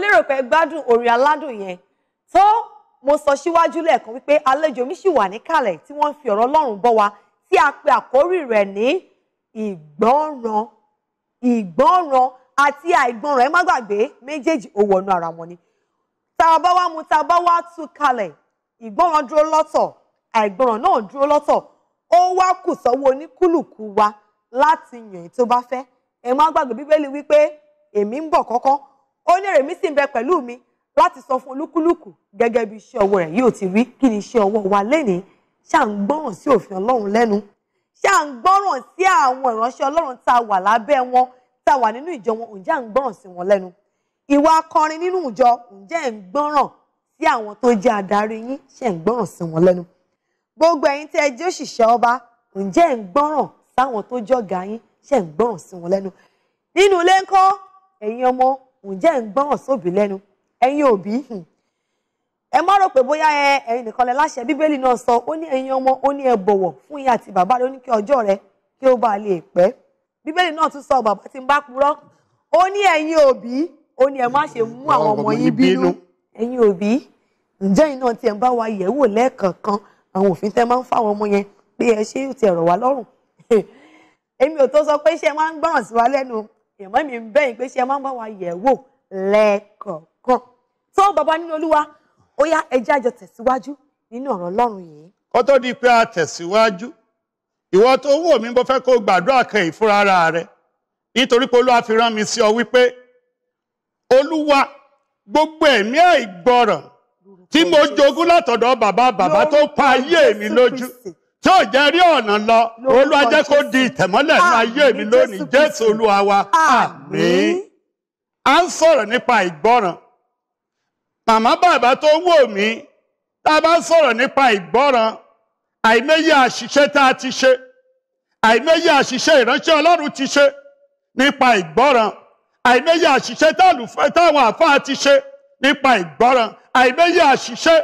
lérò pé gbádùn orin aládùn yẹn tó mo sọ síwájú lẹ́ẹ̀kan wípé àlejò mi sì wà níkàlẹ̀ tí wọ́n ń fi ọ̀rọ̀ Ọlọ́run bọ́ wa tí a pe àkórí rẹ̀ ní ìgbọ́ràn ìgbọ́ràn àti àìgbọ́ràn ẹ má gbàgbé méjèèjì ó wọnú ara wọn ni tá a bá wá mu tá a bá wá tú kalẹ̀ ìgbọ́ràn dúró lọ́tọ̀ àìgbọ́ràn náà dúró lọ́tọ̀ ó wá kù sọ́wọ́ oníkúlùkù wa láti yàn tó bá fẹ́ ẹ má gbàgbé bíbélì wípé èmi ń bọ̀ kọ́kọ́ ó ní èrèmí sì ń bẹ pẹ̀lú mi láti sọ fún olúkúlùkù gẹ́gẹ́ bí iṣẹ́ ọwọ́ rẹ̀ yóò ti rí kí ni iṣẹ́ ọwọ́ wa lénìí ṣáà ń gbọ́ràn sí òfin ọlọ́run lẹ́nu ṣáà ń gbọ́ràn sí àwọn ìránṣẹ́ ọlọ́run tá a wà lábẹ́ wọn tá a wà nínú ìjọ wọn ǹjẹ́ à ń gbọ́ràn sí wọn lẹ́nu ìwà akọrin nínú ìjọ ǹjẹ́ ẹ̀ ń gbọ́ràn sí àwọn tó jẹ́ adarí yín ṣe ń gbọ́ràn sí wọn lẹ́nu gbogbo ẹ̀yin tẹ́ ẹ jẹ́ òṣìṣẹ́ ọba ǹjẹ́ ẹ̀ ń gbọ́ràn sáwọn tó jọ̀gá yín ṣe ń gbọ́ràn sí wọn lẹ́nu nínú ilé ńkọ́ ẹ̀yin ọmọ ǹjẹ́ ń gbọ́n sóbì lẹ́nu ẹ̀yin òbí hmm. ẹ má rò pé bóyá ẹ ẹ̀yin nìkan lẹ láṣẹ bíbélì náà sọ ó ní ẹ̀yin ọmọ ó ní ẹ bọ̀wọ̀ fún ìyá àti bàbá rẹ ó ní kí ọjọ́ rẹ kí ó bá lè pẹ́ bíbélì náà tún sọ bàbá tí ń bá purọ́ ó ní ẹ̀yin òbí ó ní ẹ má ṣe mú àwọn ọmọ yín bínú ẹ̀yin òbí ǹjẹ́ iná tí ẹ bá wa yẹ̀ lẹ́ẹ̀kọ̀ọ̀kan àwọn òfin tẹ́ máa ń fáwọn ọmọ yẹn pé ẹ ṣé yóò ti ẹ̀rọ̀ wá lọ́rùn èmi ò tó sọ pé iṣẹ́ máa ń gbọ́ràn sí wa lẹ́nu ìmọ̀ mi ń bẹ́yìn pé ṣé ẹ máa ń bá wa yẹ̀ wò lẹ́ẹ̀kọ̀ọ̀kan tó bàbá nínú olúwa ó yá ẹjẹ́ àjọ tẹ̀síwájú nínú ọ̀rọ̀ ọlọ́run yìí. kó tó di pé a tẹ̀síwájú ìwọ tó wù mí mo fẹ́ kó gbàdúrà kan ìfúnra ara rẹ nítorí pé olúwa fi rán mi sí ọ wípé olúwa gbogbo ẹ̀mí àìgbọràn tí mo jogún látọ̀dọ̀ bàbá bàbá tó pa ayé mi lójú tí ò jẹ́ rí ọ̀nà lọ Olúwa jẹ́ kó di ìtẹ̀mọ́lẹ̀ ní ayé mi lónìí Jésù Olúwa wa àmín. a ń sọ̀rọ̀ nípa ìgbọ́ràn màmá bàbá tó wò mí tá a bá ń sọ̀rọ̀ nípa ìgbọ́ràn àìmọye àṣìṣe tá a ti ṣe àìmọye àṣìṣe ìránṣẹ́ Ọlọ́run ti ṣe nípa ìgbọ́ràn àìmọye àṣìṣe táwọn àfáà ti ṣe nípa ìgbọ́ràn àìmọye àṣìṣe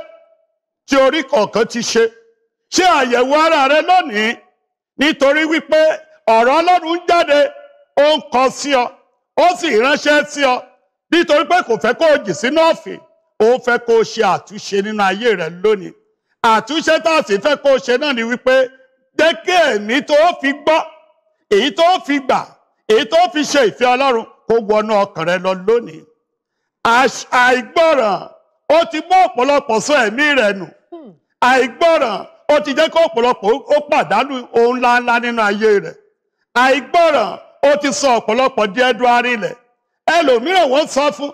tí orí kọ̀ọ̀kan ti ṣe ṣe àyẹ̀wò ara rẹ lónìí nítorí wípé ọ̀rọ̀ Ọlọ́run ń jáde ó ń kọ sí ọ ó sì ránṣẹ́ sí ọ nítorí pé kò fẹ́ kó o jì sínú ọ̀fìn ó fẹ́ kó o ṣe àtúnṣe nínú ayé rẹ lónìí àtúnṣe tá a sì fẹ́ kó o ṣe náà ni wípé jẹ́ kí ẹ̀mí tó fi gbọ́ èyí tó fi gbà èyí tó fi ṣe ìfẹ́ Ọlọ́run kó wọnú ọkàn rẹ lọ lónìí àìgbọràn ó ti mú ọ̀pọ̀lọpọ̀ sọ ẹ̀mí rẹ nù hmm. àìgbọràn ó ti jẹ́ kó ọ̀pọ̀lọpọ̀ ó pàdánù ohun ńláńlá nínú ayé rẹ̀ àìgbọ́ràn ó ti sọ ọ̀pọ̀lọpọ̀ di ẹdun arinlẹ̀ ẹlòmíràn wọ́n sọ fún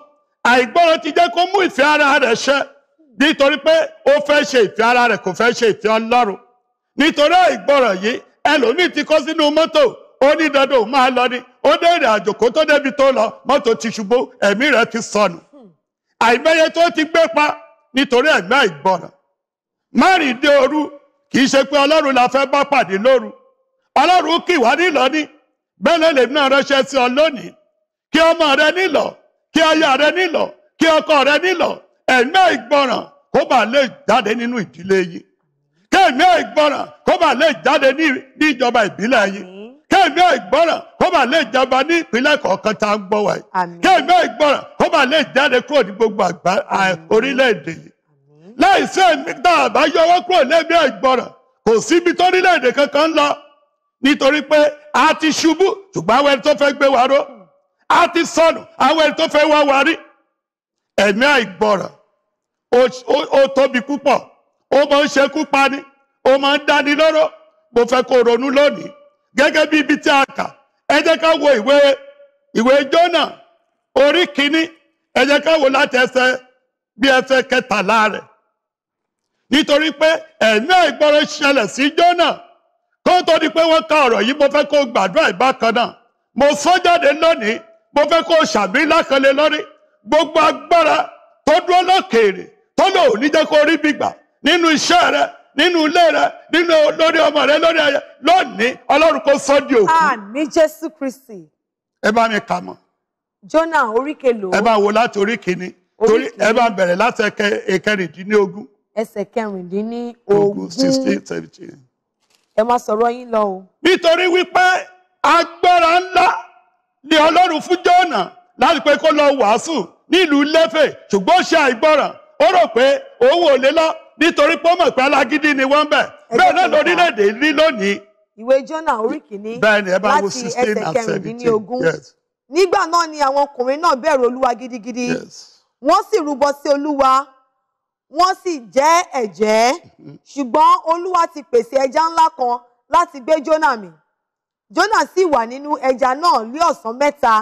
àìgbọ́ràn ti jẹ́ kó mú ìfẹ́ ara rẹ̀ ṣẹ nítorí pé ó fẹ́ ṣe ìfẹ́ ara rẹ̀ kò fẹ́ ṣe ìfẹ́ Ọlọ́run nítorí àìgbọ́ràn yìí ẹlòmíì ti kó sínú mọ́tò ó ní dandan òun máa lọ ni ó dé ìrìn àjò kó tó débi tó lọ mọ́tò ti ṣubú ẹ̀mí rẹ̀ ti sọnù àìmọye tó ti gbé pa nítorí ẹ̀mí àìgbọ́ràn má kì í ṣe pé ọlọ́run la fẹ́ bá pàdé lóru ọlọ́run kì wá nílọ ní bẹ́ẹ̀ ló lè náà ránṣẹ́ sí ọ lónìí kí ọmọ rẹ nílọ kí aya rẹ nílọ kí ọkọ rẹ nílọ ẹ̀mí ìgbọràn kó bá lè jáde nínú ìdílé yìí kí ẹ̀mí ìgbọràn kó bá lè jáde ní ìjọba ìbílẹ̀ yìí kí ẹ̀mí ìgbọràn kó bá lè jọba ní ìpínlẹ̀ kọ̀ọ̀kan tá a ń gbọ́ wa kí ẹ̀mí ìgbọràn kó bá lè jáde kúrò ní gbogbo àgbà orílẹ̀-èdè yìí láìsí ẹ̀mí tá a bá yọwọ́ kúrò lẹ́bí àìgbọràn kò síbi tórílẹ̀-èdè kankan lọ nítorí pé a ti ṣubú ṣùgbọ́n àwọn ẹni tó fẹ́ gbé wa ró a ti sọnù àwọn ẹni tó fẹ́ wá wa rí ẹ̀mí àìgbọràn ó tóbi púpọ̀ ó máa ń ṣekú pani ó máa ń dáni lóró mo fẹ́ kó ronú lónìí gẹ́gẹ́ bí ibi tí a kà ẹ jẹ́ ká wo ìwé ìwé jọ́nà orí kínní ẹ jẹ́ ká wo láti ẹsẹ̀ bí ẹsẹ̀ kẹtàlá rẹ̀ nítorí pé ẹ̀mí àìgbọràn ṣẹlẹ̀ sí Jónà kó tó di pé wọ́n ka ọ̀rọ̀ yìí mo fẹ́ kó gbàdúrà ìbákan náà mo sọ jáde lónìí mo fẹ́ kó ṣàmì lákànlé lórí gbogbo agbára tó dúró lókèèrè tó lò ní jẹ́ kó rí gbígbà nínú iṣẹ́ rẹ nínú ilé rẹ nínú lórí ọmọ rẹ lórí ayé lónìí Ọlọ́run kó sọ di òkú. àmì Jésù Kristi. ẹ bá mi kà mọ́. Jónà oríkèlò. ẹ bá wo láti orí kìíní torí ẹ bá bẹ̀rẹ̀ láti ẹkẹrìndínlógún ẹsẹ̀ kẹrìndínlógún ẹ máa sọ̀rọ̀ yín lọ o. nítorí wípé agbára ńlá ni ọlọ́run fún jọ́nà láti pé kó lọ wàásù nílùú lẹ́fẹ̀ ṣùgbọ́n ó ṣe àìgbọràn ó rò pé òun ò lè lọ nítorí pé ó mọ̀ pé alágídí ni wọ́n bẹ̀ bẹ́ẹ̀ náà lórílẹ̀‐èdè ní lónìí. ìwé jọ́nà orí kìíní láti ẹsẹ̀ kẹrìndínlógún nígbà náà ni àwọn ọkùnrin náà bẹ̀rù olúwa gidigidi wọ́n sì rúbọ sí olúwa wọ́n sì jẹ́ ẹ̀jẹ́ ṣùgbọ́n olúwa ti pèsè ẹja ńlá kan láti gbé Jónà mì Jónà sì wà nínú ẹja náà lé ọ̀sán mẹ́ta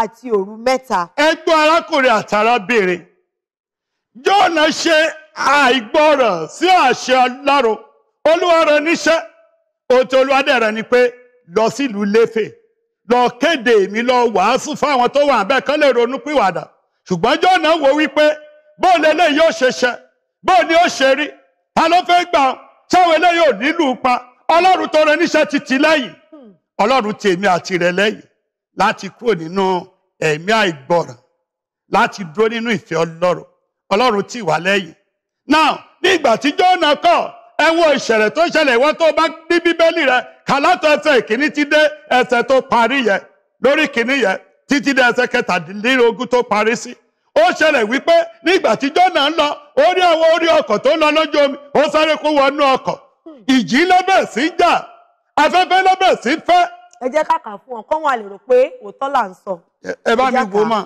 àti òru mẹ́ta. ẹ gbọ́ arákùnrin àtàrábìnrin Jónà ṣe àìgbọràn sí àṣẹ Ọlọ́run olúwa rán níṣẹ́ òtò olúwa dẹ̀ rán ni pé lọ sílùú léfè lọ kéde èmi lọ wàásù fáwọn tó wà bẹ́ẹ̀ kán lè ronú pìwàdà ṣùgbọ́n Jónà wò wípé bóun lè yóò ṣe ṣe bóò ni ó ṣe rí ta ló fẹ́ gbà ọ́ sáwọn eléyìí ò nílùú pa ọlọ́run tó rẹ níṣẹ́ ti tì lẹ́yìn ọlọ́run ti èmi àti rẹ lẹ́yìn láti kúrò nínú ẹ̀mí àìgbọràn láti dúró nínú ìfẹ́ ọlọ́run ọlọ́run tì wá lẹ́yìn now ní ìgbà tí Jónà kọ̀ ẹ wo ìṣẹ̀lẹ̀ tó ṣẹlẹ̀ ìwọ tó bá ní bíbélì rẹ kàlátọ̀ ẹsẹ̀ ìkíní ti dé ẹsẹ̀ tó parí yẹ lórí ìkíní yẹ títí dé ẹsẹ̀ kẹtàdínlógún tó parí sí. ó ṣẹlẹ̀ wípé nígbà tí jọ́nà ń lọ ó rí àwọn orí ọkọ̀ tó ń lọ lójú omi ó sáré kó wọnú ọkọ̀ ìjì lọ́bẹ̀ sí jà afẹ́fẹ́ lọ́bẹ̀ sí fẹ́. ẹ jẹ́ kàkà fún ọ kọ́ wọn a lè rò pé òótọ́ là ń sọ. ẹ bá mi wò mà.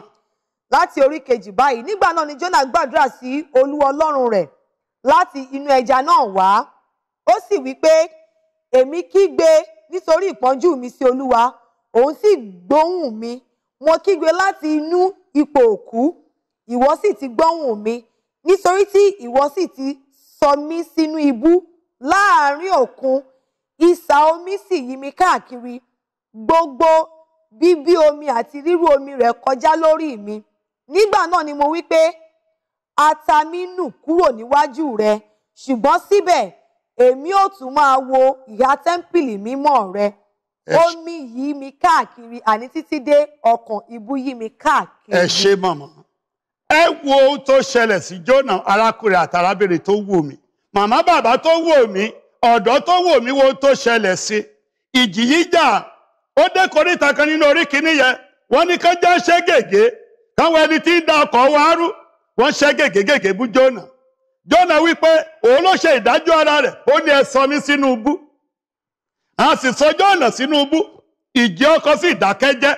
láti orí kejì báyìí nígbà náà ni jọ́nà gbàdúrà sí olú ọlọ́run rẹ̀ láti inú ẹja náà wá ó sì wí pé èmi kígbe nítorí ìpọ́njú mi sí olúwa òun sì gbóhùn mi mo kígbe láti inú ipò òkú ìwọ sì ti gbọ́hùn mi nítorí tí ìwọ sì ti sọ mí sínú ibú láàárín òkun ìsà omi sì yí mi káàkiri gbogbo bíbí omi àti rírú omi rẹ̀ kọjá lórí mi nígbà náà ni mo wí pé ata mi nù kúrò níwájú rẹ ṣùgbọ́n síbẹ̀ èmi ò tún máa wo ìhà tẹ́ḿpìlì mímọ́ rẹ omi yí mi káàkiri àní títí dé ọkàn ibú yí mi káàkiri. ẹ ṣé màmá ẹ wo ohun tó ṣẹlẹ̀ sí Jónà arákùnrin àtàrábìnrin tó wò mí màmá bàbá tó wò mí ọ̀dọ́ tó wò mí wo ohun tó ṣẹlẹ̀ sí ìjì yíjà ó dé koríta kan nínú orí kìíní yẹn wọ́n ní kán já ṣẹ́ gègé káwọn ẹni tí ń da ọkọ̀ wá rú wọ́n ṣẹ́ gègé gègé bú Jónà Jónà wípé òun ló ṣe ìdájọ́ ara rẹ̀ ó ní ẹ sọ mí sínú ibú a sì sọ Jónà sínú ibú ìjì ọkọ̀ sì dákẹ́jẹ́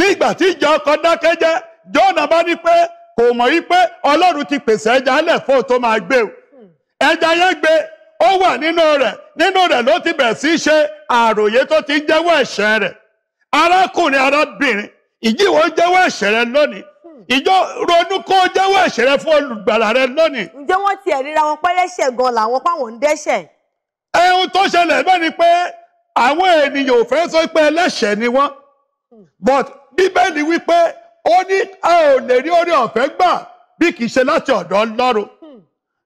nígbà tí ìjì ọkọ̀ dákẹ́jẹ́ jọna bá ní pé kò mọ̀ yí pé Ọlọ́run ti pèsè ẹja lẹ̀ fún tó máa gbé o ẹja yẹn gbé ó wà nínú rẹ̀ nínú rẹ̀ ló ti bẹ̀rẹ̀ sí ṣe àròyé tó ti jẹ́wọ́ ẹ̀ṣẹ̀ rẹ̀ arákùnrin arábìnrin ìjíwọ́ jẹ́wọ́ ẹ̀ṣẹ̀ rẹ̀ lónìí ìjọ ronú jẹ́wọ́ ẹ̀ṣẹ̀ rẹ̀ fún olùgbàlà rẹ̀ lónìí. ǹjẹ́ wọ́n ti wọn pẹ́ lẹ́ṣẹ̀ gan làwọn páwọn ń dẹ́ṣẹ̀. ẹ̀hún tó ṣẹlẹ̀ bẹ́ẹ̀ ni pé àwọn ènìyàn ò fẹ́ sọ pé ẹlẹ́ṣẹ̀ ni wọ́n but bíbélì ó ní a ò lè rí orí ọ̀fẹ́ gbà bí kì í ṣe láti ọ̀dọ̀ Ọlọ́run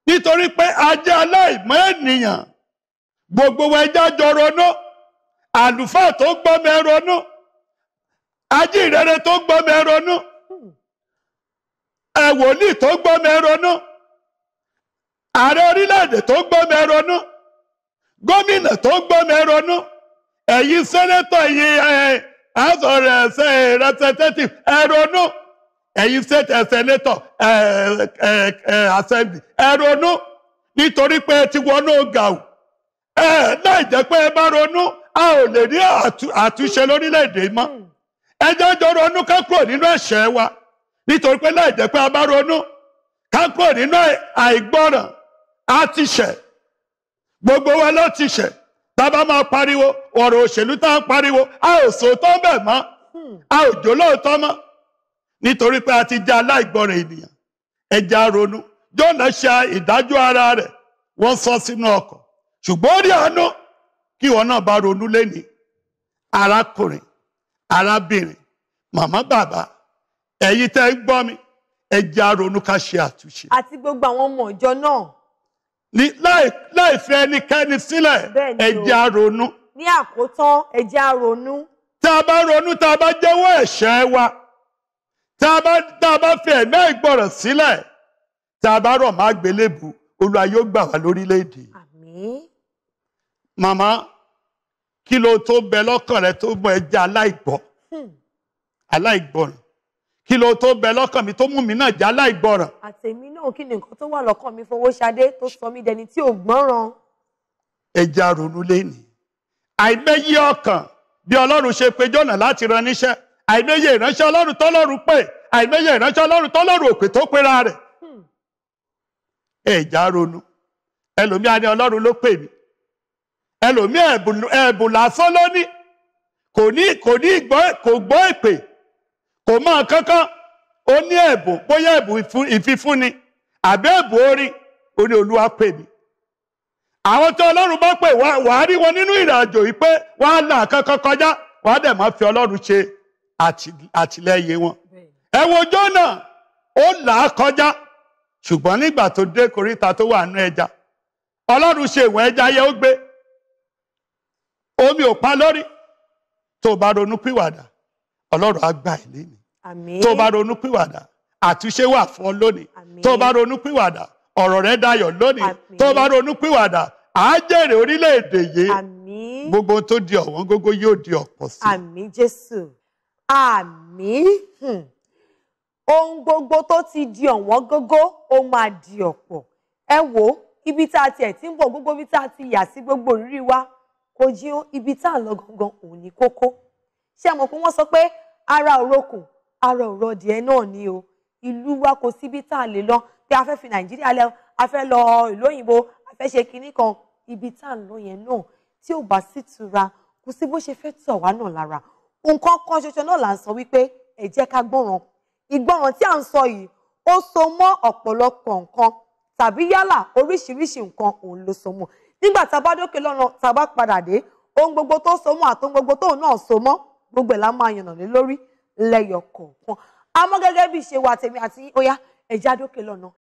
nítorí pé ajé aláìmọ́ ènìyàn gbogbo wa ẹja jọ ronú àlùfáà tó gbọ́ mi ronú ajínrere tó gbọ́ mi ronú ẹ̀wòlíì tó gbọ́ mi ronú ààrẹ orílẹ̀-èdè tó gbọ́ mi ronú gómìnà tó gbọ́ mi ronú ẹ̀yin sẹ́nẹ́tọ̀ ẹ̀yin ẹ̀ àsọ̀rọ̀ ẹ̀sẹ̀ uh, representative ẹ̀rọ̀nù ẹ̀yin state senator uh, uh, assembly ẹ̀rọ̀nù nítorí pé ẹ ti wọnú gàù ẹ láì jẹ́ pé ẹ a ò lè rí àtúnṣe lórílẹ̀‐èdè ẹ jẹ́ jọ ronú ká kúrò nínú ẹ̀ṣẹ̀ wa nítorí pé pé a bá ronú ká kúrò gbogbo wa tá pariwo ọ̀rọ̀ òṣèlú tá à ń pariwo a ò sòótọ́ bẹ́ẹ̀ mọ́ hmm. a ò jó lóòótọ́ mọ́ nítorí pé a ti jẹ́ aláìgbọràn ènìyàn ẹja ronú jọ́nà ṣe ìdájọ́ ara rẹ̀ wọ́n sọ sínú ọkọ̀ ṣùgbọ́n ó rí àánú kí ìwọ náà bá ronú lénìí arákùnrin arábìnrin màmá bàbá ẹ̀yin tẹ́ ń gbọ́ mi ẹja ronú ká ṣe àtúnṣe. àti gbogbo àwọn ọmọ ìjọ náà. láì fi ẹnikẹ́ni sílẹ̀ ẹja ronú. ní àkótán ẹ jẹ́ á ronú. tá a bá ronú tá a bá jẹ́wọ́ ẹ̀ṣẹ̀ wa tá a bá tá a bá fi ẹ̀mí ìgbọràn sílẹ̀ tá a bá rọ̀ má gbélébù Olúwa yóò gbà wá lórílẹ̀‐èdè. màmá kí ló tó bẹ lọ́kàn rẹ tó mọ ẹ aláìgbọ́ hmm. aláìgbọràn kí ló tó bẹ lọ́kàn mi tó mú mi náà já láìgbọràn. àtẹ̀mí náà kí ni nǹkan tó wà lọ́kàn mi Fowóṣadé tó sọ mí dẹni tí ò gbọ́ràn. ẹ ronú lénìí àìmẹ́yẹ ọkàn bí ọlọ́run ṣe pe Jónà láti ran níṣẹ́ àìmẹ́yẹ ìránṣẹ́ ọlọ́run tọ́lọ́run pè àìmẹ́yẹ ìránṣẹ́ ọlọ́run tọ́lọ́run òpè tó pera rẹ̀ hmm. ẹ̀já ronú ẹlòmíà ni ọlọ́run ló pè mí ẹlòmíà ẹ̀bùn lásán ló kò ní kò ní kò gbọ́ èpè kò mọ̀ kankan ó ní ẹ̀bùn bóyá ẹ̀bùn ìfifúnni àbí ẹ̀bùn orin olúwa pè mí àwọn tí ọlọ́run bá pè wá wàá rí wọn nínú ìrìnàjò yìí pé wàá là kankan kọjá wàá dẹ̀ máa fi ọlọ́run ṣe àtìlẹ́yìn wọn. ẹ wo Jónà ó là á kọjá ṣùgbọ́n nígbà tó dé koríta tó wà nú ẹja ọlọ́run ṣe ìwọ̀n ẹja yẹ ó gbé omi ò pa lórí tó bá ronú pìwàdà ọlọ́run á gbà ẹ́ lẹ́nu tó bá ronú pìwàdà àtúnṣe wà fún ọ lónìí tó bá ronú pìwàdà ọ̀rọ̀ rẹ dayọ̀ lónìí tó bá ronú pìwàdà á jèrè orílẹ̀-èdè yìí gbogbo tó di ọ̀wọ́n gógó yóò di ọ̀pọ̀ sí. àmín jésù àmín hmm. ohun gbogbo tó ti di ọ̀wọ́n gógó ó máa di ọ̀pọ̀ ẹ wo ibi tá a tiẹ̀ ti ń bọ̀ gbogbo ibi tá a ti yà sí gbogbo ìrírí wa kò jí ibi tá a lọ gangan òun ní kókó ṣé ẹ mọ̀ pé wọ́n sọ pé ara òrokùn ara òrọ̀dìẹ náà ni o ìlú wa kò síbi tá a lè lọ pé a fẹ́ fi nàìjíríà lẹ a fẹ́ lọ ìlú òyìnbó a fẹ́ ṣe kinní kan ibi tá à ń lọ yẹn náà tí ò bá sì tura kò sí bó ṣe fẹ́ tọ̀ wá náà lára nǹkan kan ṣoṣo náà là ń sọ wípé ẹ jẹ́ ká gbọ́ràn ìgbọ́ràn tí à ń sọ yìí ó so mọ́ ọ̀pọ̀lọpọ̀ nǹkan tàbí yálà oríṣiríṣi nǹkan òun ló so mọ́ nígbà tá a bá dókè lọ́nà tá a bá padà dé ohun gbogbo tó so mọ́ àti ohun gbogbo tóun náà so mọ́ gbogbo ẹ̀ la máa yànnà lé lórí lẹ́yọ kọ̀ọ̀kan àmọ́ bí ìṣe wa tèmi àti óyá ẹ̀já dókè lọ́nà